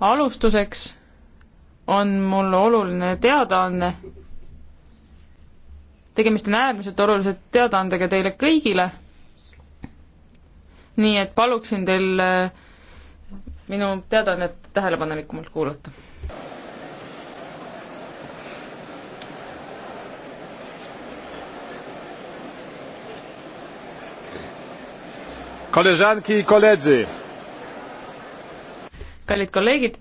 alustuseks on mul oluline teadaanne. tegemist on äärmiselt olulise teadaandega teile kõigile. nii et paluksin teil eh, minu teadaannet tähelepanelikumalt kuulata. koleżanki i koledzy kallid kolleegid.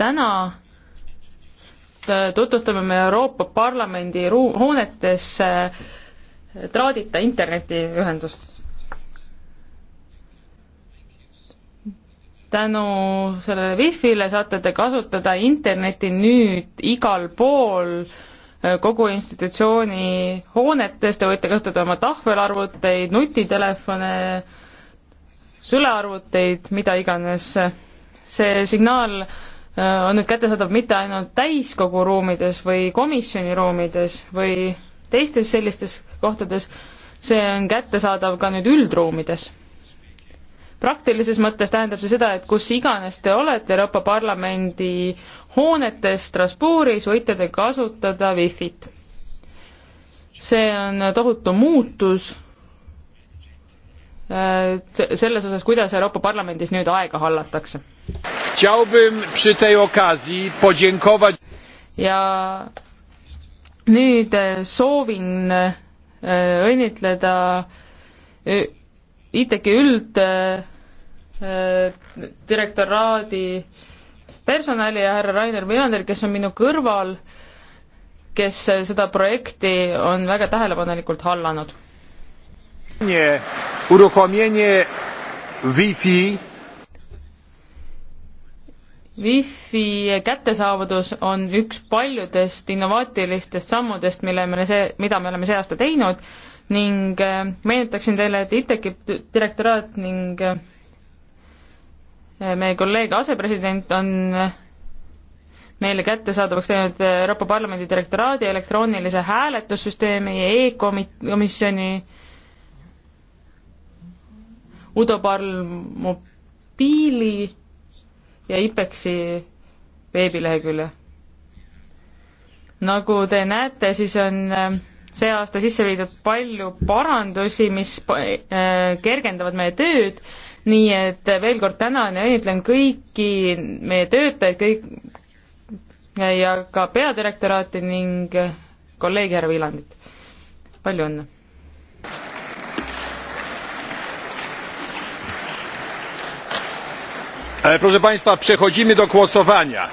täna tutvustame me Euroopa Parlamendi ruu-, hoonetesse traadita internetiühendust. tänu sellele wifi'le saate te kasutada internetti nüüd igal pool äh, Äh, kogu institutsiooni hoonetes, te võite kasutada oma tahvelarvuteid, nutitelefone, sülearvuteid, mida iganes. see signaal äh, on nüüd kättesaadav mitte ainult täiskogu ruumides või komisjoni ruumides või teistes sellistes kohtades, see on kättesaadav ka nüüd üldruumides praktilises mõttes tähendab see seda, et kus iganes te olete Euroopa Parlamendi hoonetes Strasbourgis, võite te kasutada Wi-Fit. see on tohutu muutus äh, selles osas, kuidas Euroopa Parlamendis nüüd aega hallatakse. ja nüüd äh, soovin äh, õnnitleda ITK ülddirektoraadi äh, personali ja härra Rainer Villander, kes on minu kõrval, kes seda projekti on väga tähelepanelikult hallanud. Wi-Fi Wi-Fi kättesaavadus on üks paljudest innovaatilistest sammudest, mille me see, mida me oleme see aasta teinud ning äh, meenutaksin teile, et ITEC-i direktoraat ning äh, meie kolleeg asepresident on äh, meile kättesaadavaks teinud Euroopa Parlamendi direktoraadi elektroonilise hääletussüsteemi ja e-komisjoni Udo Palmu Piili ja IPEX-i veebilehekülje. nagu te näete, siis on see aasta sisse viidud palju parandusi, mis äh, kergendavad meie tööd, nii et veel kord tänan ja õnnitlen kõiki meie töötajaid, kõik ja ka peadirektoraati ning kolleeg härra Viilandit. palju õnne! proszę państwa przechodzimy do głosowania.